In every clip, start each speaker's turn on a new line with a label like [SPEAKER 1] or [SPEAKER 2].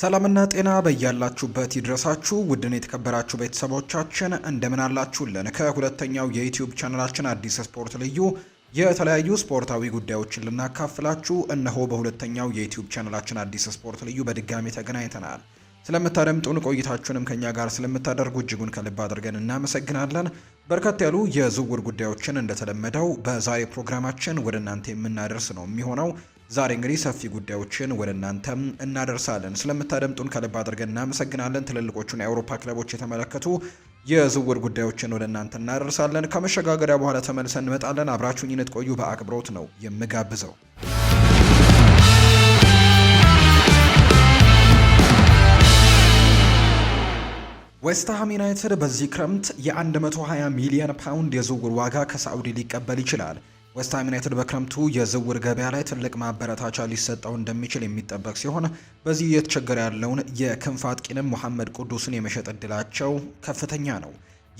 [SPEAKER 1] ሰላምና ጤና በያላችሁበት ይድረሳችሁ። ውድን የተከበራችሁ ቤተሰቦቻችን እንደምን አላችሁልን? ከሁለተኛው የዩትዩብ ቻናላችን አዲስ ስፖርት ልዩ የተለያዩ ስፖርታዊ ጉዳዮችን ልናካፍላችሁ እነሆ በሁለተኛው የዩትዩብ ቻናላችን አዲስ ስፖርት ልዩ በድጋሚ ተገናኝተናል። ስለምታደምጡን ቆይታችሁንም ከኛ ጋር ስለምታደርጉ እጅጉን ከልብ አድርገን እናመሰግናለን። በርከት ያሉ የዝውውር ጉዳዮችን እንደተለመደው በዛሬ ፕሮግራማችን ወደ እናንተ የምናደርስ ነው የሚሆነው ዛሬ እንግዲህ ሰፊ ጉዳዮችን ወደ እናንተም እናደርሳለን። ስለምታደምጡን ከልብ አድርገን እናመሰግናለን። ትልልቆቹን የአውሮፓ ክለቦች የተመለከቱ የዝውውር ጉዳዮችን ወደ እናንተ እናደርሳለን። ከመሸጋገሪያ በኋላ ተመልሰን እንመጣለን። አብራችሁኝ እንድትቆዩ በአክብሮት ነው የምጋብዘው። ዌስትሃም ዩናይትድ በዚህ ክረምት የ120 ሚሊዮን ፓውንድ የዝውውር ዋጋ ከሳዑዲ ሊቀበል ይችላል። ዌስትሃም ዩናይትድ በክረምቱ የዝውውር ገበያ ላይ ትልቅ ማበረታቻ ሊሰጠው እንደሚችል የሚጠበቅ ሲሆን በዚህ እየተቸገረ ያለውን የክንፍ አጥቂንም ሙሐመድ ቅዱስን የመሸጥ እድላቸው ከፍተኛ ነው።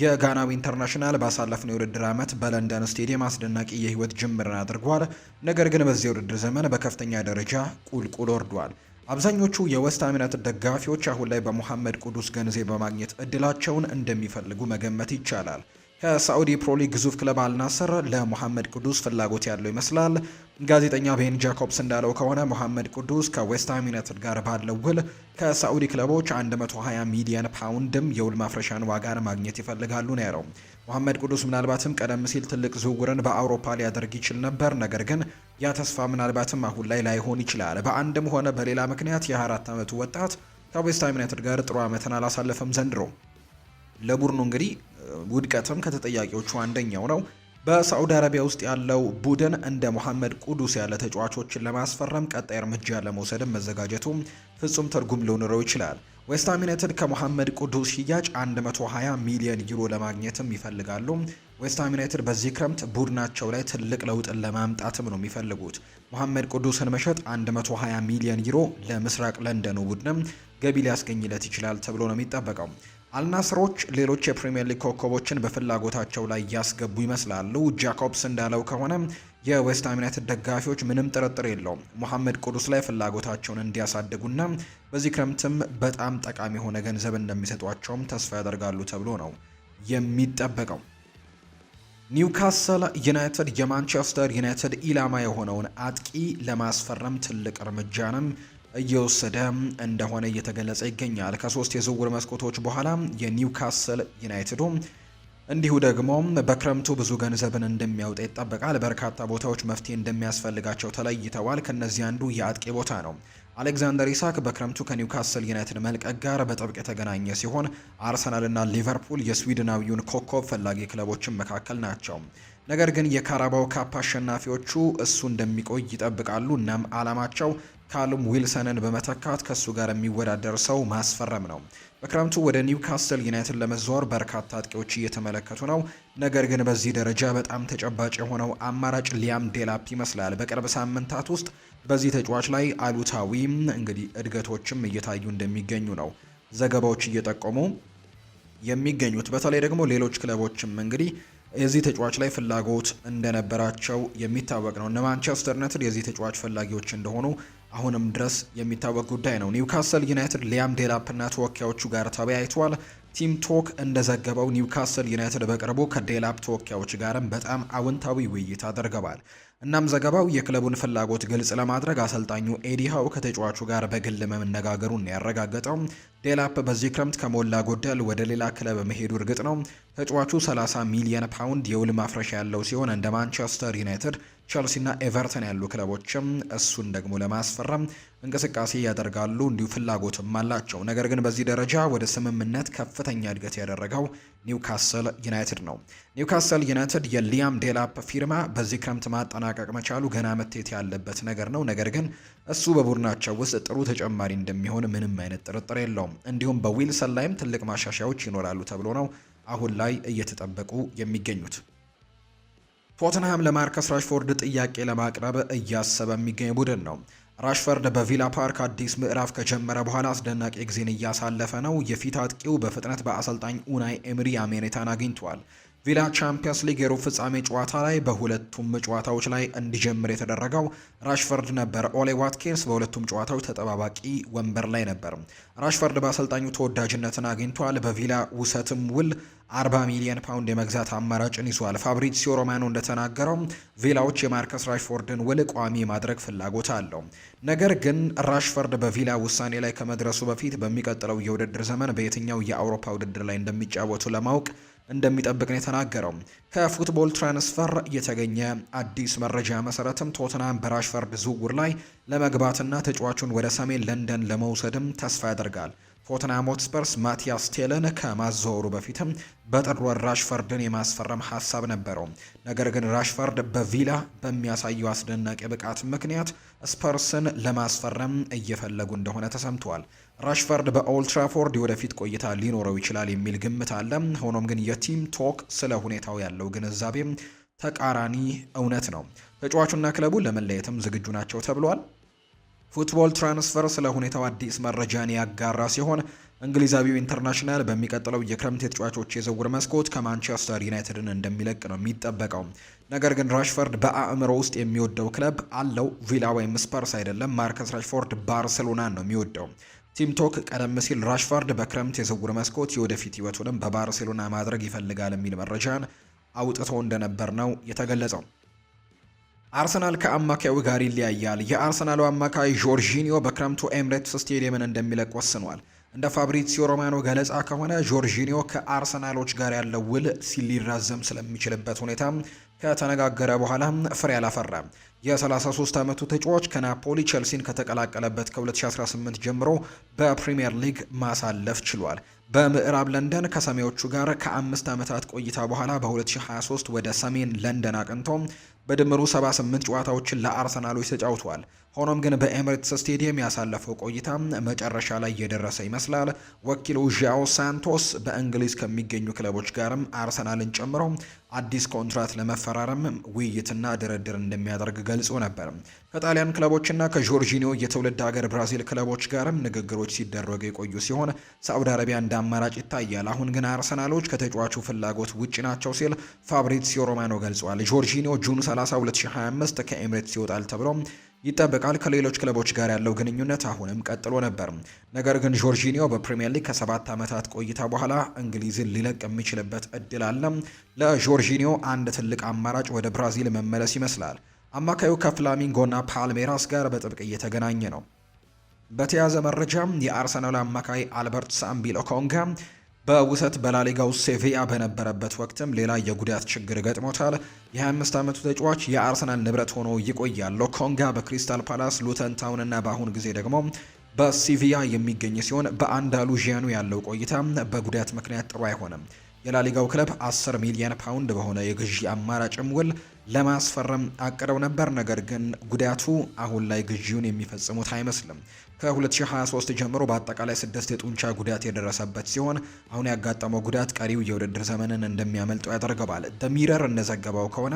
[SPEAKER 1] የጋናዊ ኢንተርናሽናል ባሳለፍነው የውድድር ዓመት በለንደን ስቴዲየም አስደናቂ የህይወት ጅምርን አድርጓል። ነገር ግን በዚህ የውድድር ዘመን በከፍተኛ ደረጃ ቁልቁል ወርዷል። አብዛኞቹ የዌስትሃም ዩናይትድ ደጋፊዎች አሁን ላይ በሙሐመድ ቅዱስ ገንዘብ በማግኘት እድላቸውን እንደሚፈልጉ መገመት ይቻላል። ከሳዑዲ ፕሮሊግ ግዙፍ ክለብ አልናስር ለሙሐመድ ቅዱስ ፍላጎት ያለው ይመስላል። ጋዜጠኛ ቤን ጃኮብስ እንዳለው ከሆነ ሙሐመድ ቅዱስ ከዌስትሃም ዩናይትድ ጋር ባለው ውል ከሳዑዲ ክለቦች 120 ሚሊዮን ፓውንድም የውል ማፍረሻን ዋጋን ማግኘት ይፈልጋሉ ነው ያለው። ሙሐመድ ቅዱስ ምናልባትም ቀደም ሲል ትልቅ ዝውውርን በአውሮፓ ሊያደርግ ይችል ነበር፣ ነገር ግን ያ ተስፋ ምናልባትም አሁን ላይ ላይሆን ይችላል። በአንድም ሆነ በሌላ ምክንያት የ24 ዓመቱ ወጣት ከዌስትሃም ዩናይትድ ጋር ጥሩ ዓመትን አላሳለፈም ዘንድሮ ለቡድኑ እንግዲህ ውድቀትም ከተጠያቂዎቹ አንደኛው ነው። በሳዑዲ አረቢያ ውስጥ ያለው ቡድን እንደ መሐመድ ቁዱስ ያለ ተጫዋቾችን ለማስፈረም ቀጣይ እርምጃ ለመውሰድም መዘጋጀቱ ፍጹም ትርጉም ሊኖረው ይችላል። ዌስትሃም ዩናይትድ ከሞሐመድ ቁዱስ ሽያጭ 120 ሚሊዮን ዩሮ ለማግኘትም ይፈልጋሉ። ዌስትሃም ዩናይትድ በዚህ ክረምት ቡድናቸው ላይ ትልቅ ለውጥን ለማምጣትም ነው የሚፈልጉት። ሞሐመድ ቁዱስን መሸጥ 120 ሚሊዮን ዩሮ ለምስራቅ ለንደኑ ቡድንም ገቢ ሊያስገኝለት ይችላል ተብሎ ነው የሚጠበቀው። አልናስሮች ሌሎች የፕሪምየር ሊግ ኮከቦችን በፍላጎታቸው ላይ እያስገቡ ይመስላሉ። ጃኮብስ እንዳለው ከሆነ የዌስትሃም ዩናይትድ ደጋፊዎች ምንም ጥርጥር የለውም ሙሐመድ ቁዱስ ላይ ፍላጎታቸውን እንዲያሳድጉና በዚህ ክረምትም በጣም ጠቃሚ የሆነ ገንዘብ እንደሚሰጧቸውም ተስፋ ያደርጋሉ ተብሎ ነው የሚጠበቀው። ኒውካስል ዩናይትድ የማንቸስተር ዩናይትድ ኢላማ የሆነውን አጥቂ ለማስፈረም ትልቅ እርምጃንም እየወሰደ እንደሆነ እየተገለጸ ይገኛል። ከሶስት የዝውውር መስኮቶች በኋላ የኒውካስል ዩናይትዱ እንዲሁ ደግሞ በክረምቱ ብዙ ገንዘብን እንደሚያወጣ ይጠበቃል። በርካታ ቦታዎች መፍትሄ እንደሚያስፈልጋቸው ተለይተዋል። ከእነዚህ አንዱ የአጥቂ ቦታ ነው። አሌክዛንደር ኢሳክ በክረምቱ ከኒውካስል ዩናይትድ መልቀቅ ጋር በጥብቅ የተገናኘ ሲሆን አርሰናልና ሊቨርፑል የስዊድናዊውን ኮከብ ፈላጊ ክለቦችን መካከል ናቸው። ነገር ግን የካራባው ካፕ አሸናፊዎቹ እሱ እንደሚቆይ ይጠብቃሉ። እናም አላማቸው ካልም ዊልሰንን በመተካት ከእሱ ጋር የሚወዳደር ሰው ማስፈረም ነው። በክረምቱ ወደ ኒውካስል ዩናይትድ ለመዘዋወር በርካታ አጥቂዎች እየተመለከቱ ነው። ነገር ግን በዚህ ደረጃ በጣም ተጨባጭ የሆነው አማራጭ ሊያም ዴላፕ ይመስላል። በቅርብ ሳምንታት ውስጥ በዚህ ተጫዋች ላይ አሉታዊም እንግዲህ እድገቶችም እየታዩ እንደሚገኙ ነው ዘገባዎች እየጠቆሙ የሚገኙት። በተለይ ደግሞ ሌሎች ክለቦችም እንግዲህ የዚህ ተጫዋች ላይ ፍላጎት እንደነበራቸው የሚታወቅ ነው። እነ ማንቸስተር ዩናይትድ የዚህ ተጫዋች ፈላጊዎች እንደሆኑ አሁንም ድረስ የሚታወቅ ጉዳይ ነው። ኒውካስል ዩናይትድ ሊያም ዴላፕና ተወካዮቹ ጋር ተወያይተዋል። ቲም ቶክ እንደዘገበው ኒውካስል ዩናይትድ በቅርቡ ከዴላፕ ተወካዮች ጋርም በጣም አዎንታዊ ውይይት አድርገዋል። እናም ዘገባው የክለቡን ፍላጎት ግልጽ ለማድረግ አሰልጣኙ ኤዲ ሃው ከተጫዋቹ ጋር በግል መነጋገሩን ያረጋገጠው ዴላፕ በዚህ ክረምት ከሞላ ጎደል ወደ ሌላ ክለብ መሄዱ እርግጥ ነው። ተጫዋቹ 30 ሚሊየን ፓውንድ የውል ማፍረሻ ያለው ሲሆን እንደ ማንቸስተር ዩናይትድ ቸልሲና ኤቨርተን ያሉ ክለቦችም እሱን ደግሞ ለማስፈረም እንቅስቃሴ ያደርጋሉ፣ እንዲሁ ፍላጎትም አላቸው። ነገር ግን በዚህ ደረጃ ወደ ስምምነት ከፍተኛ እድገት ያደረገው ኒውካስል ዩናይትድ ነው። ኒውካስል ዩናይትድ የሊያም ዴላፕ ፊርማ በዚህ ክረምት ማጠናቀቅ መቻሉ ገና መቴት ያለበት ነገር ነው። ነገር ግን እሱ በቡድናቸው ውስጥ ጥሩ ተጨማሪ እንደሚሆን ምንም አይነት ጥርጥር የለውም። እንዲሁም በዊልሰን ላይም ትልቅ ማሻሻያዎች ይኖራሉ ተብሎ ነው አሁን ላይ እየተጠበቁ የሚገኙት። ቶትንሃም ለማርከስ ራሽፎርድ ጥያቄ ለማቅረብ እያሰበ የሚገኝ ቡድን ነው። ራሽፈርድ በቪላ ፓርክ አዲስ ምዕራፍ ከጀመረ በኋላ አስደናቂ ጊዜን እያሳለፈ ነው። የፊት አጥቂው በፍጥነት በአሰልጣኝ ኡናይ ኤምሪ አሜሪታን አግኝቷል። ቪላ ቻምፒየንስ ሊግ የሩብ ፍጻሜ ጨዋታ ላይ በሁለቱም ጨዋታዎች ላይ እንዲጀምር የተደረገው ራሽፈርድ ነበር። ኦሌ ዋትኪንስ በሁለቱም ጨዋታዎች ተጠባባቂ ወንበር ላይ ነበር። ራሽፈርድ በአሰልጣኙ ተወዳጅነትን አግኝቷል። በቪላ ውሰትም ውል 40 ሚሊዮን ፓውንድ የመግዛት አማራጭን ይዟል። ፋብሪሲዮ ሮማኖ እንደተናገረው ቪላዎች የማርከስ ራሽፎርድን ውል ቋሚ ማድረግ ፍላጎት አለው። ነገር ግን ራሽፈርድ በቪላ ውሳኔ ላይ ከመድረሱ በፊት በሚቀጥለው የውድድር ዘመን በየትኛው የአውሮፓ ውድድር ላይ እንደሚጫወቱ ለማወቅ እንደሚጠብቅ ነው የተናገረው። ከፉትቦል ትራንስፈር የተገኘ አዲስ መረጃ መሰረትም ቶትናም በራሽፈርድ ዝውውር ላይ ለመግባትና ተጫዋቹን ወደ ሰሜን ለንደን ለመውሰድም ተስፋ ያደርጋል። ቶተንሃም ሆትስፐርስ ማቲያስ ቴልን ከማዘወሩ በፊትም በጥር ወር ራሽፈርድን የማስፈረም ሀሳብ ነበረው። ነገር ግን ራሽፈርድ በቪላ በሚያሳየው አስደናቂ ብቃት ምክንያት ስፐርስን ለማስፈረም እየፈለጉ እንደሆነ ተሰምቷል። ራሽፈርድ በኦልትራፎርድ የወደፊት ቆይታ ሊኖረው ይችላል የሚል ግምት አለ። ሆኖም ግን የቲም ቶክ ስለ ሁኔታው ያለው ግንዛቤ ተቃራኒ እውነት ነው። ተጫዋቹና ክለቡ ለመለየትም ዝግጁ ናቸው ተብሏል። ፉትቦል ትራንስፈር ስለ ሁኔታው አዲስ መረጃን ያጋራ ሲሆን እንግሊዛዊው ኢንተርናሽናል በሚቀጥለው የክረምት የተጫዋቾች የዝውውር መስኮት ከማንቸስተር ዩናይትድን እንደሚለቅ ነው የሚጠበቀው። ነገር ግን ራሽፈርድ በአእምሮ ውስጥ የሚወደው ክለብ አለው። ቪላ ወይም ስፐርስ አይደለም። ማርከስ ራሽፎርድ ባርሴሎናን ነው የሚወደው። ቲምቶክ ቀደም ሲል ራሽፈርድ በክረምት የዝውውር መስኮት የወደፊት ህይወቱንም በባርሴሎና ማድረግ ይፈልጋል የሚል መረጃን አውጥቶ እንደነበር ነው የተገለጸው። አርሰናል ከአማካዩ ጋር ይለያያል። የአርሰናሉ አማካይ ጆርጂኒዮ በክረምቱ ኤምሬትስ ስቴዲየምን እንደሚለቅ ወስኗል። እንደ ፋብሪሲዮ ሮማኖ ገለጻ ከሆነ ጆርጂኒዮ ከአርሰናሎች ጋር ያለው ውል ሲሊራዘም ስለሚችልበት ሁኔታ ከተነጋገረ በኋላ ፍሬ አላፈራም። የ33 ዓመቱ ተጫዋች ከናፖሊ ቼልሲን ከተቀላቀለበት ከ2018 ጀምሮ በፕሪምየር ሊግ ማሳለፍ ችሏል። በምዕራብ ለንደን ከሰሜዎቹ ጋር ከአምስት ዓመታት ቆይታ በኋላ በ2023 ወደ ሰሜን ለንደን አቅንቶ በድምሩ 78 ጨዋታዎችን ለአርሰናሎች ተጫውተዋል። ሆኖም ግን በኤምሬትስ ስቴዲየም ያሳለፈው ቆይታ መጨረሻ ላይ እየደረሰ ይመስላል። ወኪሉ ዣኦ ሳንቶስ በእንግሊዝ ከሚገኙ ክለቦች ጋርም አርሰናልን ጨምሮ አዲስ ኮንትራት ለመፈራረም ውይይትና ድርድር እንደሚያደርግ ገልጾ ነበር። ከጣሊያን ክለቦችና ከጆርጂኒዮ የትውልድ ሀገር ብራዚል ክለቦች ጋርም ንግግሮች ሲደረጉ የቆዩ ሲሆን ሳዑዲ አረቢያ እንደ አማራጭ ይታያል። አሁን ግን አርሰናሎች ከተጫዋቹ ፍላጎት ውጭ ናቸው ሲል ፋብሪዚዮ ሮማኖ ገልጿል። ጆርጂኒዮ ጁን 30 2025 ከኤምሬትስ ይወጣል ተብሎ ይጠበቃል። ከሌሎች ክለቦች ጋር ያለው ግንኙነት አሁንም ቀጥሎ ነበር። ነገር ግን ጆርጂኒዮ በፕሪምየር ሊግ ከሰባት ዓመታት ቆይታ በኋላ እንግሊዝን ሊለቅ የሚችልበት እድል አለ። ለጆርጂኒዮ አንድ ትልቅ አማራጭ ወደ ብራዚል መመለስ ይመስላል። አማካዩ ከፍላሚንጎና ፓልሜራስ ጋር በጥብቅ እየተገናኘ ነው። በተያያዘ መረጃ የአርሰናል አማካይ አልበርት ሳምቢሎ ኮንጋ በውሰት በላሊጋው ሴቪያ በነበረበት ወቅትም ሌላ የጉዳት ችግር ገጥሞታል። የ25 ዓመቱ ተጫዋች የአርሰናል ንብረት ሆኖ ይቆያል። ሎኮንጋ በክሪስታል ፓላስ፣ ሉተን ታውን እና በአሁን ጊዜ ደግሞ በሲቪያ የሚገኝ ሲሆን በአንዳሉዥያኑ ያለው ቆይታ በጉዳት ምክንያት ጥሩ አይሆንም። የላሊጋው ክለብ 10 ሚሊዮን ፓውንድ በሆነ የግዢ አማራጭም ውል ለማስፈረም አቅደው ነበር። ነገር ግን ጉዳቱ አሁን ላይ ግዢውን የሚፈጽሙት አይመስልም። ከ2023 ጀምሮ በአጠቃላይ ስድስት የጡንቻ ጉዳት የደረሰበት ሲሆን አሁን ያጋጠመው ጉዳት ቀሪው የውድድር ዘመንን እንደሚያመልጠው ያደርገዋል። ደሚረር እንደዘገበው ከሆነ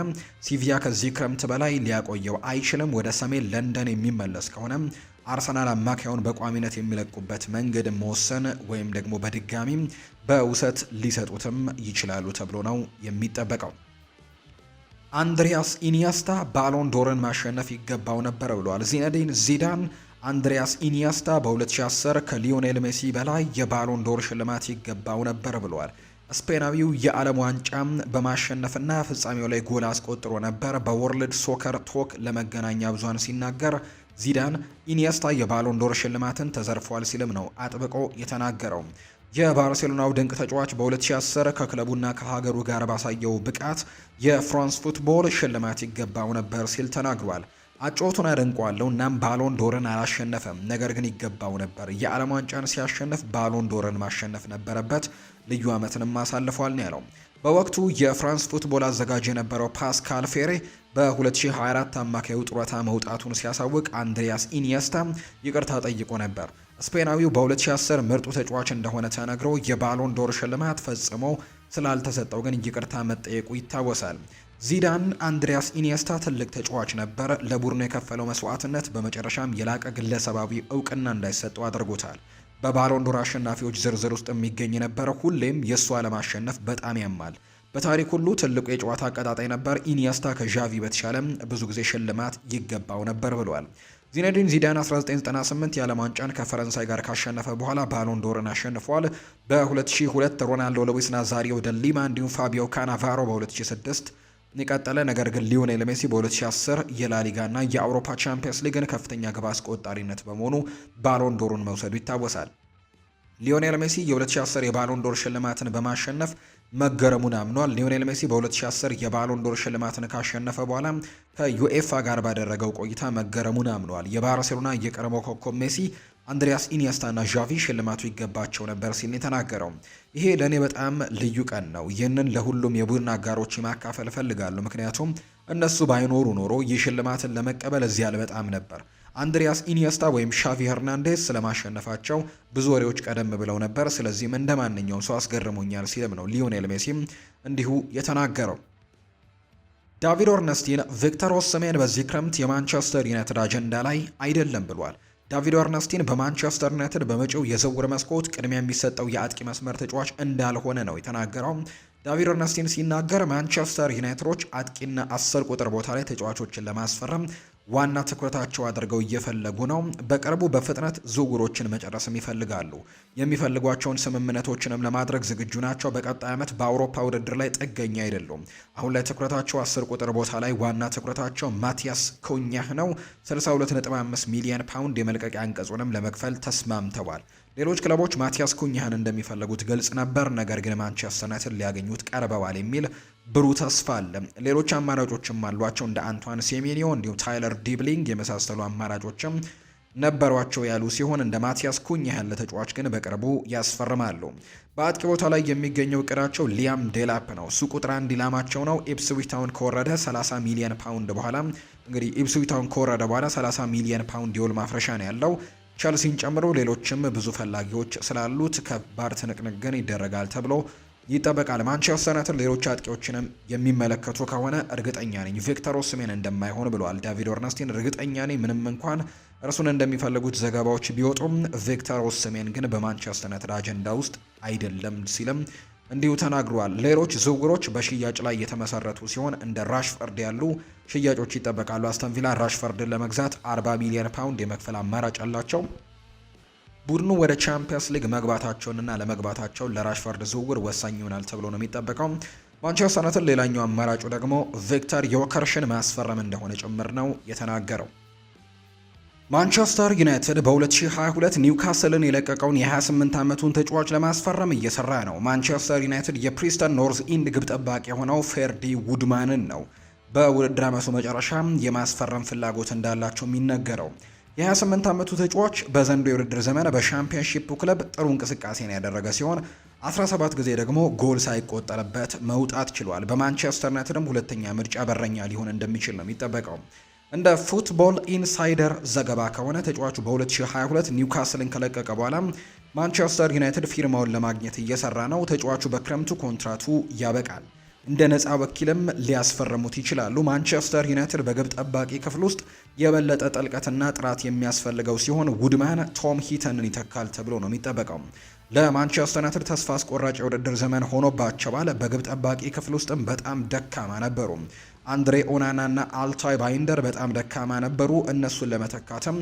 [SPEAKER 1] ሲቪያ ከዚህ ክረምት በላይ ሊያቆየው አይችልም። ወደ ሰሜን ለንደን የሚመለስ ከሆነ አርሰናል አማካዩን በቋሚነት የሚለቁበት መንገድ መወሰን ወይም ደግሞ በድጋሚ በውሰት ሊሰጡትም ይችላሉ ተብሎ ነው የሚጠበቀው። አንድሪያስ ኢኒያስታ ባሎን ዶርን ማሸነፍ ይገባው ነበር ብለዋል። ዚነዲን ዚዳን አንድሪያስ ኢኒያስታ በ2010 ከሊዮኔል ሜሲ በላይ የባሎን ዶር ሽልማት ይገባው ነበር ብሏል። ስፔናዊው የዓለም ዋንጫም በማሸነፍና ፍጻሜው ላይ ጎል አስቆጥሮ ነበር። በወርልድ ሶከር ቶክ ለመገናኛ ብዙሃን ሲናገር ዚዳን ኢኒየስታ የባሎን ዶር ሽልማትን ተዘርፏል ሲልም ነው አጥብቆ የተናገረው። የባርሴሎናው ድንቅ ተጫዋች በ2010 ከክለቡና ከሀገሩ ጋር ባሳየው ብቃት የፍራንስ ፉትቦል ሽልማት ይገባው ነበር ሲል ተናግሯል። አጮቱን አደንቀዋለሁ። እናም ባሎን ዶርን አላሸነፈም፣ ነገር ግን ይገባው ነበር። የዓለም ዋንጫን ሲያሸንፍ ባሎን ዶርን ማሸነፍ ነበረበት። ልዩ ዓመትንም አሳልፏል ነው ያለው። በወቅቱ የፍራንስ ፉትቦል አዘጋጅ የነበረው ፓስካል ፌሬ በ2024 አማካዩ ጡረታ መውጣቱን ሲያሳውቅ አንድሪያስ ኢኒየስታ ይቅርታ ጠይቆ ነበር። ስፔናዊው በ2010 ምርጡ ተጫዋች እንደሆነ ተነግሮ የባሎን ዶር ሽልማት ፈጽሞ ስላልተሰጠው ግን ይቅርታ መጠየቁ ይታወሳል። ዚዳን አንድሪያስ ኢኒየስታ ትልቅ ተጫዋች ነበር። ለቡድኑ የከፈለው መስዋዕትነት በመጨረሻም የላቀ ግለሰባዊ እውቅና እንዳይሰጠው አድርጎታል። በባሎንዶር አሸናፊዎች ዝርዝር ውስጥ የሚገኝ ነበር። ሁሌም የእሱ አለማሸነፍ በጣም ያማል። በታሪክ ሁሉ ትልቁ የጨዋታ አቀጣጣይ ነበር። ኢኒየስታ ከዣቪ በተሻለም ብዙ ጊዜ ሽልማት ይገባው ነበር ብሏል። ዚነዲን ዚዳን 1998 የዓለም ዋንጫን ከፈረንሳይ ጋር ካሸነፈ በኋላ ባሎን ዶርን አሸንፏል። በ2002 ሮናልዶ ሉዊስ ናዛሪዮ ደሊማ እንዲሁም ፋቢዮ ካናቫሮ በ2006 የቀጠለ ነገር ግን ሊዮኔል ሜሲ በ2010 የላሊጋና የአውሮፓ ቻምፒየንስ ሊግን ከፍተኛ ግብ አስቆጣሪነት በመሆኑ ባሎን ዶሩን መውሰዱ ይታወሳል። ሊዮኔል ሜሲ የ2010 የባሎን ዶር ሽልማትን በማሸነፍ መገረሙን አምኗል። ሊዮኔል ሜሲ በ2010 የባሎን ዶር ሽልማትን ካሸነፈ በኋላ ከዩኤፋ ጋር ባደረገው ቆይታ መገረሙን አምኗል። የባርሴሎና የቀድሞ ኮከብ ሜሲ አንድሪያስ ኢኒያስታ እና ዣቪ ሽልማቱ ይገባቸው ነበር ሲል የተናገረው ይሄ ለእኔ በጣም ልዩ ቀን ነው። ይህንን ለሁሉም የቡድን አጋሮች ማካፈል እፈልጋለሁ፣ ምክንያቱም እነሱ ባይኖሩ ኖሮ ይህ ሽልማትን ለመቀበል እዚያ አልመጣም ነበር። አንድሪያስ ኢኒየስታ ወይም ሻቪ ሄርናንዴስ ስለማሸነፋቸው ብዙ ወሬዎች ቀደም ብለው ነበር። ስለዚህም እንደ ማንኛውም ሰው አስገርሞኛል ሲልም ነው ሊዮኔል ሜሲም እንዲሁ የተናገረው። ዳቪድ ኦርነስቲን ቪክተር ኦስሜን በዚህ ክረምት የማንቸስተር ዩናይትድ አጀንዳ ላይ አይደለም ብሏል። ዳቪድ አርነስቲን በማንቸስተር ዩናይትድ በመጪው የዝውውር መስኮት ቅድሚያ የሚሰጠው የአጥቂ መስመር ተጫዋች እንዳልሆነ ነው የተናገረው። ዳቪድ አርነስቲን ሲናገር ማንቸስተር ዩናይትዶች አጥቂና አስር ቁጥር ቦታ ላይ ተጫዋቾችን ለማስፈረም ዋና ትኩረታቸው አድርገው እየፈለጉ ነው። በቅርቡ በፍጥነት ዝውውሮችን መጨረስም ይፈልጋሉ። የሚፈልጓቸውን ስምምነቶችንም ለማድረግ ዝግጁ ናቸው። በቀጣይ ዓመት በአውሮፓ ውድድር ላይ ጥገኛ አይደሉም። አሁን ላይ ትኩረታቸው አስር ቁጥር ቦታ ላይ ዋና ትኩረታቸው ማቲያስ ኩኛህ ነው። 62.5 ሚሊየን ፓውንድ የመልቀቂያ አንቀጹንም ለመክፈል ተስማምተዋል። ሌሎች ክለቦች ማቲያስ ኩኛህን እንደሚፈልጉት ግልጽ ነበር። ነገር ግን ማንቸስተር ዩናይትድ ሊያገኙት ቀርበዋል የሚል ብሩህ ተስፋ አለ። ሌሎች አማራጮችም አሏቸው እንደ አንቷን ሴሜኒዮ እንዲሁም ታይለር ዲብሊንግ የመሳሰሉ አማራጮችም ነበሯቸው ያሉ ሲሆን እንደ ማቲያስ ኩኝ ያለ ተጫዋች ግን በቅርቡ ያስፈርማሉ። በአጥቂ ቦታ ላይ የሚገኘው ቅራቸው ሊያም ዴላፕ ነው። እሱ ቁጥር አንድ ኢላማቸው ነው። ኢፕስዊች ታውን ከወረደ 30 ሚሊየን ፓውንድ በኋላ እንግዲህ ኢፕስዊች ታውን ከወረደ በኋላ 30 ሚሊየን ፓውንድ የውል ማፍረሻ ነው ያለው። ቸልሲን ጨምሮ ሌሎችም ብዙ ፈላጊዎች ስላሉት ከባድ ትንቅንቅ ግን ይደረጋል ተብሎ ይጠበቃል። ማንቸስተር ዩናይትድ ሌሎች አጥቂዎችንም የሚመለከቱ ከሆነ እርግጠኛ ነኝ ቪክተር ኦስሜን እንደማይሆን ብለዋል ዳቪድ ኦርነስቲን። እርግጠኛ ነኝ ምንም እንኳን እርሱን እንደሚፈልጉት ዘገባዎች ቢወጡም ቪክተር ኦስሜን ግን በማንቸስተር ዩናይትድ አጀንዳ ውስጥ አይደለም ሲልም እንዲሁ ተናግሯል። ሌሎች ዝውውሮች በሽያጭ ላይ የተመሰረቱ ሲሆን እንደ ራሽፈርድ ያሉ ሽያጮች ይጠበቃሉ። አስተንቪላ ራሽፈርድን ለመግዛት 40 ሚሊዮን ፓውንድ የመክፈል አማራጭ አላቸው። ቡድኑ ወደ ቻምፒየንስ ሊግ መግባታቸውንና ለመግባታቸውን ለራሽፈርድ ዝውውር ወሳኝ ይሆናል ተብሎ ነው የሚጠበቀው። ማንቸስተር ዩናይትድ ሌላኛው አማራጩ ደግሞ ቪክተር ዮከርሽን ማስፈረም እንደሆነ ጭምር ነው የተናገረው። ማንቸስተር ዩናይትድ በ2022 ኒውካስልን የለቀቀውን የ28 ዓመቱን ተጫዋች ለማስፈረም እየሰራ ነው። ማንቸስተር ዩናይትድ የፕሪስተን ኖርዝ ኢንድ ግብ ጠባቂ የሆነው ፌርዲ ውድማንን ነው በውድድር ዓመቱ መጨረሻ የማስፈረም ፍላጎት እንዳላቸው የሚነገረው። የ28 ዓመቱ ተጫዋች በዘንዶ የውድድር ዘመን በሻምፒዮንሺፕ ክለብ ጥሩ እንቅስቃሴን ያደረገ ሲሆን 17 ጊዜ ደግሞ ጎል ሳይቆጠርበት መውጣት ችሏል። በማንቸስተር ዩናይትድም ሁለተኛ ምርጫ በረኛ ሊሆን እንደሚችል ነው የሚጠበቀው። እንደ ፉትቦል ኢንሳይደር ዘገባ ከሆነ ተጫዋቹ በ2022 ኒውካስልን ከለቀቀ በኋላ ማንቸስተር ዩናይትድ ፊርማውን ለማግኘት እየሰራ ነው። ተጫዋቹ በክረምቱ ኮንትራቱ ያበቃል። እንደ ነፃ ወኪልም ሊያስፈርሙት ይችላሉ። ማንቸስተር ዩናይትድ በግብ ጠባቂ ክፍል ውስጥ የበለጠ ጥልቀትና ጥራት የሚያስፈልገው ሲሆን ውድመን ቶም ሂተንን ይተካል ተብሎ ነው የሚጠበቀው። ለማንቸስተር ዩናይትድ ተስፋ አስቆራጭ የውድድር ዘመን ሆኖባቸዋል። በግብ ጠባቂ ክፍል ውስጥም በጣም ደካማ ነበሩ። አንድሬ ኦናና እና አልታይ ባይንደር በጣም ደካማ ነበሩ። እነሱን ለመተካትም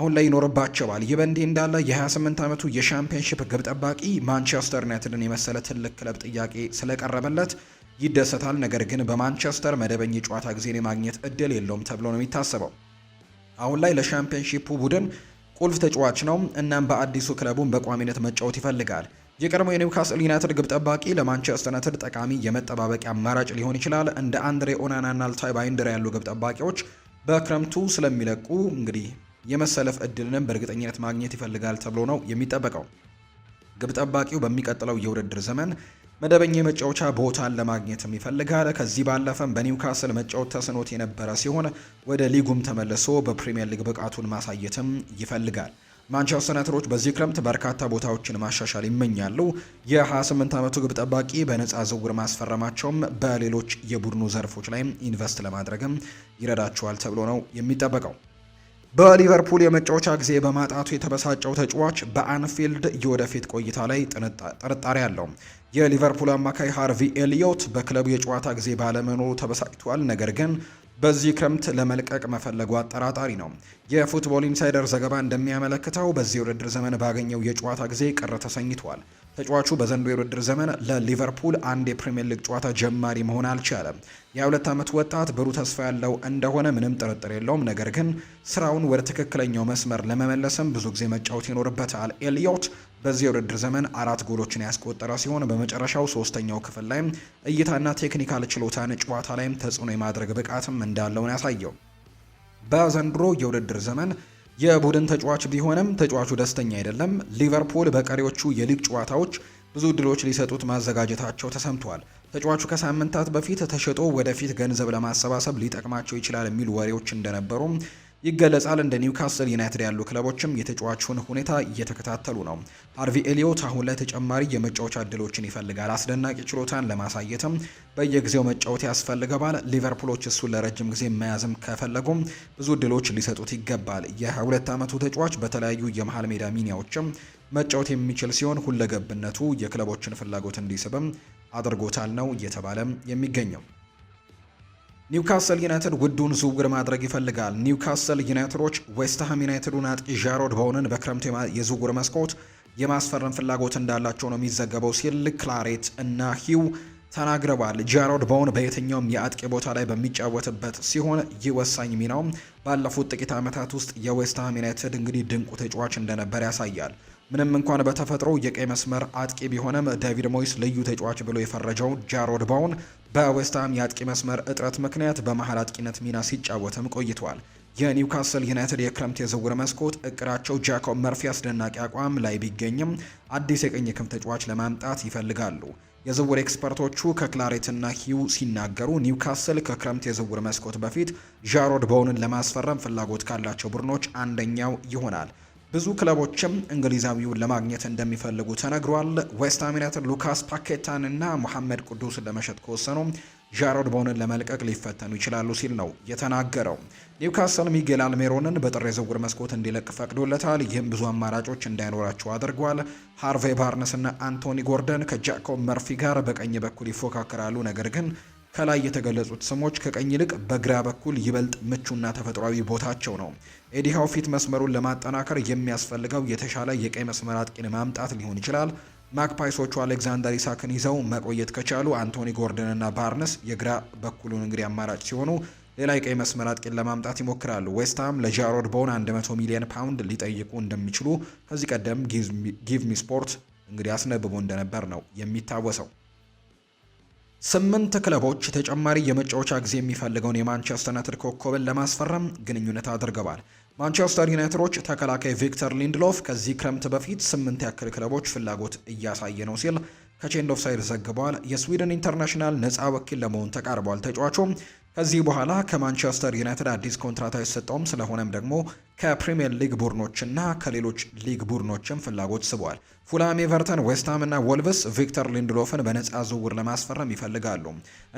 [SPEAKER 1] አሁን ላይ ይኖርባቸዋል። ይህ በእንዲህ እንዳለ የ28 ዓመቱ የሻምፒዮንሺፕ ግብ ጠባቂ ማንቸስተር ዩናይትድን የመሰለ ትልቅ ክለብ ጥያቄ ስለቀረበለት ይደሰታል። ነገር ግን በማንቸስተር መደበኛ ጨዋታ ጊዜን የማግኘት እድል የለውም ተብሎ ነው የሚታሰበው። አሁን ላይ ለሻምፒዮንሺፑ ቡድን ቁልፍ ተጫዋች ነው። እናም በአዲሱ ክለቡን በቋሚነት መጫወት ይፈልጋል። የቀድሞ የኒውካስል ዩናይትድ ግብ ጠባቂ ለማንቸስተር ዩናይትድ ጠቃሚ የመጠባበቂያ አማራጭ ሊሆን ይችላል። እንደ አንድሬ ኦናናና አልታይ ባይንደር ያሉ ግብ ጠባቂዎች በክረምቱ ስለሚለቁ እንግዲህ የመሰለፍ እድልንም በእርግጠኝነት ማግኘት ይፈልጋል ተብሎ ነው የሚጠበቀው። ግብ ጠባቂው በሚቀጥለው የውድድር ዘመን መደበኛ የመጫወቻ ቦታን ለማግኘትም ይፈልጋል። ከዚህ ባለፈም በኒውካስል መጫወት ተስኖት የነበረ ሲሆን ወደ ሊጉም ተመልሶ በፕሪምየር ሊግ ብቃቱን ማሳየትም ይፈልጋል። ማንቸስተር ዩናይትዶች በዚህ ክረምት በርካታ ቦታዎችን ማሻሻል ይመኛሉ። የ28 ዓመቱ ግብ ጠባቂ በነፃ ዝውውር ማስፈረማቸውም በሌሎች የቡድኑ ዘርፎች ላይ ኢንቨስት ለማድረግም ይረዳቸዋል ተብሎ ነው የሚጠበቀው። በሊቨርፑል የመጫወቻ ጊዜ በማጣቱ የተበሳጨው ተጫዋች በአንፊልድ የወደፊት ቆይታ ላይ ጥርጣሬ አለው። የሊቨርፑል አማካይ ሃርቪ ኤሊዮት በክለቡ የጨዋታ ጊዜ ባለመኖሩ ተበሳጭቷል። ነገር ግን በዚህ ክረምት ለመልቀቅ መፈለጉ አጠራጣሪ ነው። የፉትቦል ኢንሳይደር ዘገባ እንደሚያመለክተው በዚህ ውድድር ዘመን ባገኘው የጨዋታ ጊዜ ቅር ተሰኝቷል። ተጫዋቹ በዘንድሮ የውድድር ዘመን ለሊቨርፑል አንድ የፕሪምየር ሊግ ጨዋታ ጀማሪ መሆን አልቻለም። የሁለት ዓመት ወጣት ብሩህ ተስፋ ያለው እንደሆነ ምንም ጥርጥር የለውም። ነገር ግን ስራውን ወደ ትክክለኛው መስመር ለመመለስም ብዙ ጊዜ መጫወት ይኖርበታል። ኤልዮት በዚህ የውድድር ዘመን አራት ጎሎችን ያስቆጠረ ሲሆን በመጨረሻው ሶስተኛው ክፍል ላይም እይታና ቴክኒካል ችሎታን ጨዋታ ላይም ተጽዕኖ የማድረግ ብቃትም እንዳለውን ያሳየው በዘንድሮ የውድድር ዘመን የቡድን ተጫዋች ቢሆንም ተጫዋቹ ደስተኛ አይደለም። ሊቨርፑል በቀሪዎቹ የሊግ ጨዋታዎች ብዙ እድሎች ሊሰጡት ማዘጋጀታቸው ተሰምቷል። ተጫዋቹ ከሳምንታት በፊት ተሸጦ ወደፊት ገንዘብ ለማሰባሰብ ሊጠቅማቸው ይችላል የሚሉ ወሬዎች እንደነበሩም ይገለጻል። እንደ ኒውካስል ዩናይትድ ያሉ ክለቦችም የተጫዋቹን ሁኔታ እየተከታተሉ ነው። ሃርቪ ኤሊዮት አሁን ላይ ተጨማሪ የመጫወቻ እድሎችን ይፈልጋል። አስደናቂ ችሎታን ለማሳየትም በየጊዜው መጫወት ያስፈልገዋል። ሊቨርፑሎች እሱን ለረጅም ጊዜ መያዝም ከፈለጉም ብዙ እድሎች ሊሰጡት ይገባል። የሁለት ዓመቱ ተጫዋች በተለያዩ የመሀል ሜዳ ሚኒያዎችም መጫወት የሚችል ሲሆን ሁለገብነቱ የክለቦችን ፍላጎት እንዲስብም አድርጎታል ነው እየተባለም የሚገኘው። ኒውካስል ዩናይትድ ውዱን ዝውውር ማድረግ ይፈልጋል። ኒውካስል ዩናይትዶች ዌስትሃም ዩናይትዱን አጥቂ ዣሮድ ቦወንን በክረምቱ የዝውውር መስኮት የማስፈረም ፍላጎት እንዳላቸው ነው የሚዘገበው ሲል ክላሬት እና ሂው ተናግረዋል። ጃሮድ ቦወን በየትኛውም የአጥቂ ቦታ ላይ በሚጫወትበት ሲሆን ይህ ወሳኝ ሚናውም ባለፉት ጥቂት ዓመታት ውስጥ የዌስትሃም ዩናይትድ እንግዲህ ድንቁ ተጫዋች እንደነበር ያሳያል። ምንም እንኳን በተፈጥሮ የቀይ መስመር አጥቂ ቢሆንም ዴቪድ ሞይስ ልዩ ተጫዋች ብሎ የፈረጀው ጃሮድ ቦወን በዌስትሃም የአጥቂ መስመር እጥረት ምክንያት በመሀል አጥቂነት ሚና ሲጫወትም ቆይቷል። የኒውካስል ዩናይትድ የክረምት የዝውውር መስኮት እቅዳቸው ጃኮብ መርፊ አስደናቂ አቋም ላይ ቢገኝም አዲስ የቀኝ ክንፍ ተጫዋች ለማምጣት ይፈልጋሉ። የዝውውር ኤክስፐርቶቹ ከክላሬትና ሂው ሲናገሩ ኒውካስል ከክረምት የዝውውር መስኮት በፊት ዣሮድ በውንን ለማስፈረም ፍላጎት ካላቸው ቡድኖች አንደኛው ይሆናል። ብዙ ክለቦችም እንግሊዛዊውን ለማግኘት እንደሚፈልጉ ተነግሯል። ዌስትሃም ዩናይትድ ሉካስ ፓኬታን እና መሐመድ ቅዱስን ለመሸጥ ከወሰኑ ጃሮድ ቦንን ለመልቀቅ ሊፈተኑ ይችላሉ ሲል ነው የተናገረው። ኒውካስል ሚጌል አልሜሮንን በጥር የዝውውር መስኮት እንዲለቅ ፈቅዶለታል። ይህም ብዙ አማራጮች እንዳይኖራቸው አድርጓል። ሃርቬ ባርነስ እና አንቶኒ ጎርደን ከጃኮብ መርፊ ጋር በቀኝ በኩል ይፎካከራሉ። ነገር ግን ከላይ የተገለጹት ስሞች ከቀኝ ይልቅ በግራ በኩል ይበልጥ ምቹና ተፈጥሯዊ ቦታቸው ነው። ኤዲሃው ፊት መስመሩን ለማጠናከር የሚያስፈልገው የተሻለ የቀይ መስመር አጥቂን ማምጣት ሊሆን ይችላል። ማክፓይሶቹ አሌክዛንደር ኢሳክን ይዘው መቆየት ከቻሉ አንቶኒ ጎርደን እና ባርነስ የግራ በኩሉን እንግዲህ አማራጭ ሲሆኑ፣ ሌላ የቀይ መስመር አጥቂን ለማምጣት ይሞክራሉ። ዌስትሃም ለጃሮድ ቦውን 100 ሚሊዮን ፓውንድ ሊጠይቁ እንደሚችሉ ከዚህ ቀደም ጊቭ ሚ ስፖርት እንግዲህ አስነብቦ እንደነበር ነው የሚታወሰው። ስምንት ክለቦች ተጨማሪ የመጫወቻ ጊዜ የሚፈልገውን የማንቸስተር ዩናይትድ ኮከብን ለማስፈረም ግንኙነት አድርገዋል። ማንቸስተር ዩናይትዶች ተከላካይ ቪክተር ሊንድሎፍ ከዚህ ክረምት በፊት ስምንት ያክል ክለቦች ፍላጎት እያሳየ ነው ሲል ከቼንድ ሳይድ ዘግበዋል። የስዊድን ኢንተርናሽናል ነፃ ወኪል ለመሆን ተቃርቧል። ተጫዋቹም ከዚህ በኋላ ከማንቸስተር ዩናይትድ አዲስ ኮንትራት አይሰጠውም። ስለሆነም ደግሞ ከፕሪምየር ሊግ ቡድኖችና ከሌሎች ሊግ ቡድኖችም ፍላጎት ስቧል ፉላም፣ ኤቨርተን፣ ዌስትሃም እና ወልቭስ ቪክተር ሊንድሎፍን በነፃ ዝውውር ለማስፈረም ይፈልጋሉ።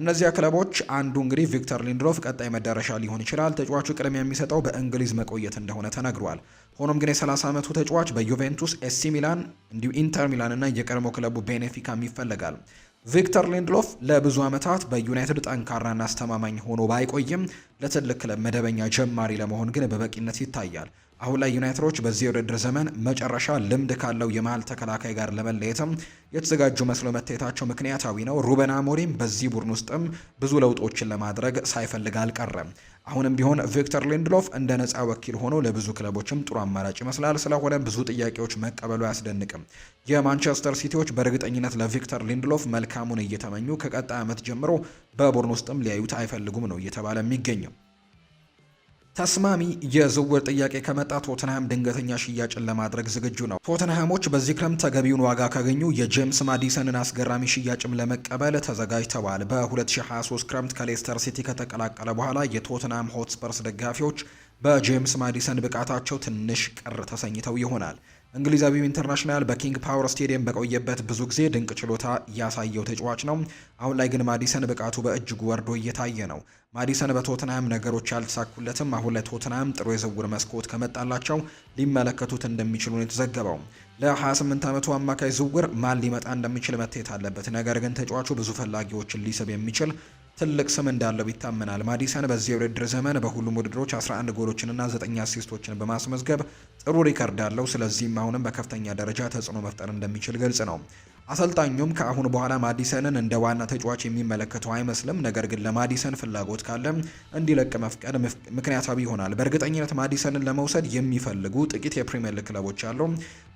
[SPEAKER 1] እነዚያ ክለቦች አንዱ እንግዲህ ቪክተር ሊንድሎፍ ቀጣይ መዳረሻ ሊሆን ይችላል። ተጫዋቹ ቅድሚያ የሚሰጠው በእንግሊዝ መቆየት እንደሆነ ተነግሯል። ሆኖም ግን የ30 ዓመቱ ተጫዋች በዩቬንቱስ፣ ኤሲ ሚላን እንዲሁ ኢንተር ሚላን እና የቀድሞ ክለቡ ቤኔፊካም ይፈልጋል። ቪክተር ሊንድሎፍ ለብዙ ዓመታት በዩናይትድ ጠንካራና አስተማማኝ ሆኖ ባይቆይም ለትልቅ ክለብ መደበኛ ጀማሪ ለመሆን ግን በበቂነት ይታያል። አሁን ላይ ዩናይትዶች በዚህ የውድድር ዘመን መጨረሻ ልምድ ካለው የመሀል ተከላካይ ጋር ለመለየትም የተዘጋጁ መስሎ መታየታቸው ምክንያታዊ ነው። ሩበን አሞሪም በዚህ ቡድን ውስጥም ብዙ ለውጦችን ለማድረግ ሳይፈልግ አልቀረም። አሁንም ቢሆን ቪክተር ሊንድሎፍ እንደ ነፃ ወኪል ሆኖ ለብዙ ክለቦችም ጥሩ አማራጭ ይመስላል። ስለሆነ ብዙ ጥያቄዎች መቀበሉ አያስደንቅም። የማንቸስተር ሲቲዎች በእርግጠኝነት ለቪክተር ሊንድሎፍ መልካሙን እየተመኙ ከቀጣይ ዓመት ጀምሮ በቡድን ውስጥም ሊያዩት አይፈልጉም ነው እየተባለ የሚገኘው። ተስማሚ የዝውውር ጥያቄ ከመጣ ቶተንሃም ድንገተኛ ሽያጭን ለማድረግ ዝግጁ ነው። ቶተንሃሞች በዚህ ክረምት ተገቢውን ዋጋ ካገኙ የጄምስ ማዲሰንን አስገራሚ ሽያጭም ለመቀበል ተዘጋጅተዋል። በ2023 ክረምት ከሌስተር ሲቲ ከተቀላቀለ በኋላ የቶተንሃም ሆትስፐርስ ደጋፊዎች በጄምስ ማዲሰን ብቃታቸው ትንሽ ቅር ተሰኝተው ይሆናል። እንግሊዛዊው ኢንተርናሽናል በኪንግ ፓወር ስቴዲየም በቆየበት ብዙ ጊዜ ድንቅ ችሎታ ያሳየው ተጫዋች ነው። አሁን ላይ ግን ማዲሰን ብቃቱ በእጅጉ ወርዶ እየታየ ነው። ማዲሰን በቶትንሃም ነገሮች ያልተሳኩለትም። አሁን ላይ ቶትናም ጥሩ የዝውውር መስኮት ከመጣላቸው ሊመለከቱት እንደሚችሉ ነው የተዘገበው። ለ28 ዓመቱ አማካይ ዝውውር ማን ሊመጣ እንደሚችል መታየት አለበት። ነገር ግን ተጫዋቹ ብዙ ፈላጊዎችን ሊስብ የሚችል ትልቅ ስም እንዳለው ይታመናል። ማዲሰን በዚህ የውድድር ዘመን በሁሉም ውድድሮች 11 ጎሎችንና 9 አሲስቶችን በማስመዝገብ ጥሩ ሪከርድ አለው። ስለዚህም አሁንም በከፍተኛ ደረጃ ተጽዕኖ መፍጠር እንደሚችል ግልጽ ነው። አሰልጣኙም ከአሁን በኋላ ማዲሰንን እንደ ዋና ተጫዋች የሚመለከተው አይመስልም። ነገር ግን ለማዲሰን ፍላጎት ካለ እንዲለቅ መፍቀድ ምክንያታዊ ይሆናል። በእርግጠኝነት ማዲሰንን ለመውሰድ የሚፈልጉ ጥቂት የፕሪምየር ሊግ ክለቦች አሉ።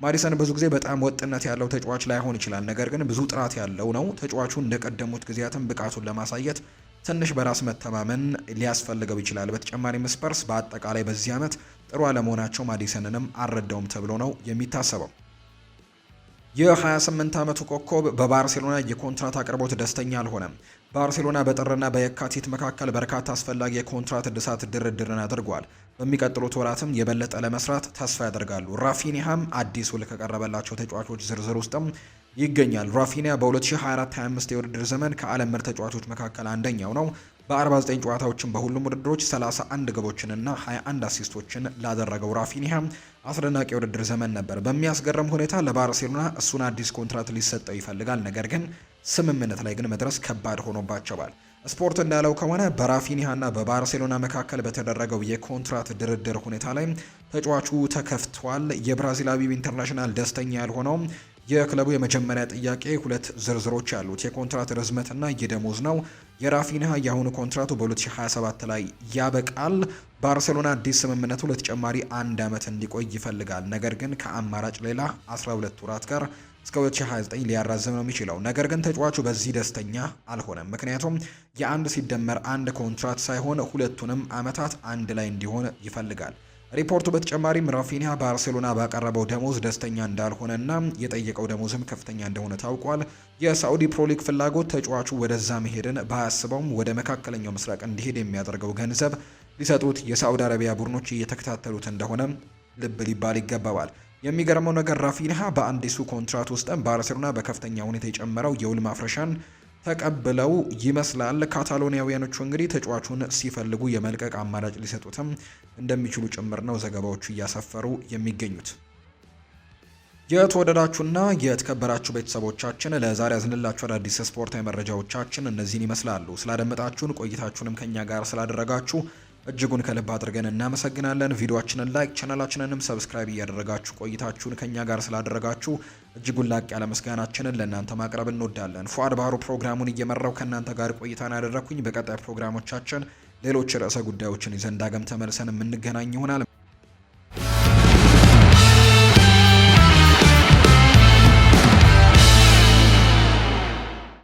[SPEAKER 1] ማዲሰን ብዙ ጊዜ በጣም ወጥነት ያለው ተጫዋች ላይሆን ይችላል፣ ነገር ግን ብዙ ጥራት ያለው ነው። ተጫዋቹ እንደቀደሙት ጊዜያትም ብቃቱን ለማሳየት ትንሽ በራስ መተማመን ሊያስፈልገው ይችላል። በተጨማሪም ስፐርስ በአጠቃላይ በዚህ ዓመት ጥሩ አለመሆናቸው ማዲሰንንም አልረዳውም ተብሎ ነው የሚታሰበው። የ28 ዓመቱ ኮከብ በባርሴሎና የኮንትራት አቅርቦት ደስተኛ አልሆነም። ባርሴሎና በጥርና በየካቲት መካከል በርካታ አስፈላጊ የኮንትራት እድሳት ድርድርን አድርጓል። በሚቀጥሉት ወራትም የበለጠ ለመስራት ተስፋ ያደርጋሉ። ራፊኒሃም አዲስ ውል ከቀረበላቸው ተጫዋቾች ዝርዝር ውስጥም ይገኛል። ራፊኒያ በ2024/25 የውድድር ዘመን ከዓለም ምርጥ ተጫዋቾች መካከል አንደኛው ነው። በ49 ጨዋታዎችን በሁሉም ውድድሮች 31 ግቦችንና 21 አሲስቶችን ላደረገው ራፊኒያ አስደናቂ የውድድር ዘመን ነበር። በሚያስገርም ሁኔታ ለባርሴሎና እሱን አዲስ ኮንትራት ሊሰጠው ይፈልጋል ነገር ግን ስምምነት ላይ ግን መድረስ ከባድ ሆኖባቸዋል። ስፖርት እንዳለው ከሆነ በራፊኒሃና በባርሴሎና መካከል በተደረገው የኮንትራት ድርድር ሁኔታ ላይ ተጫዋቹ ተከፍቷል። የብራዚላዊው ኢንተርናሽናል ደስተኛ ያልሆነውም የክለቡ የመጀመሪያ ጥያቄ ሁለት ዝርዝሮች አሉት፣ የኮንትራት ርዝመትና የደሞዝ ነው። የራፊንሃ የአሁኑ ኮንትራቱ በ2027 ላይ ያበቃል። ባርሴሎና አዲስ ስምምነቱ ለተጨማሪ አንድ ዓመት እንዲቆይ ይፈልጋል። ነገር ግን ከአማራጭ ሌላ 12 ወራት ጋር እስከ 2029 ሊያራዝም ነው የሚችለው። ነገር ግን ተጫዋቹ በዚህ ደስተኛ አልሆነም፣ ምክንያቱም የአንድ ሲደመር አንድ ኮንትራት ሳይሆን ሁለቱንም ዓመታት አንድ ላይ እንዲሆን ይፈልጋል። ሪፖርቱ በተጨማሪም ራፊኒያ ባርሴሎና ባቀረበው ደሞዝ ደስተኛ እንዳልሆነና የጠየቀው ደሞዝም ከፍተኛ እንደሆነ ታውቋል። የሳዑዲ ፕሮሊግ ፍላጎት ተጫዋቹ ወደዛ መሄድን ባያስበውም ወደ መካከለኛው ምስራቅ እንዲሄድ የሚያደርገው ገንዘብ ሊሰጡት የሳዑዲ አረቢያ ቡድኖች እየተከታተሉት እንደሆነ ልብ ሊባል ይገባዋል። የሚገርመው ነገር ራፊኒሃ በአንዲሱ ኮንትራት ውስጥም ባርሴሎና በከፍተኛ ሁኔታ የጨመረው የውል ማፍረሻን ተቀብለው ይመስላል። ካታሎኒያውያኖቹ እንግዲህ ተጫዋቹን ሲፈልጉ የመልቀቅ አማራጭ ሊሰጡትም እንደሚችሉ ጭምር ነው ዘገባዎቹ እያሰፈሩ የሚገኙት። የተወደዳችሁና የተከበራችሁ ቤተሰቦቻችን ለዛሬ ያዝንላችሁ አዳዲስ ስፖርታዊ መረጃዎቻችን እነዚህን ይመስላሉ። ስላደመጣችሁን ቆይታችሁንም ከኛ ጋር ስላደረጋችሁ እጅጉን ከልብ አድርገን እናመሰግናለን። ቪዲዮችንን ላይክ ቻናላችንንም ሰብስክራይብ እያደረጋችሁ ቆይታችሁን ከእኛ ጋር ስላደረጋችሁ እጅጉን ላቅ ያለ ምስጋናችንን ለእናንተ ማቅረብ እንወዳለን። ፉአድ ባህሩ ፕሮግራሙን እየመራው ከእናንተ ጋር ቆይታን ያደረግኩኝ። በቀጣይ ፕሮግራሞቻችን ሌሎች ርዕሰ ጉዳዮችን ይዘን ዳግም ተመልሰን የምንገናኝ ይሆናል።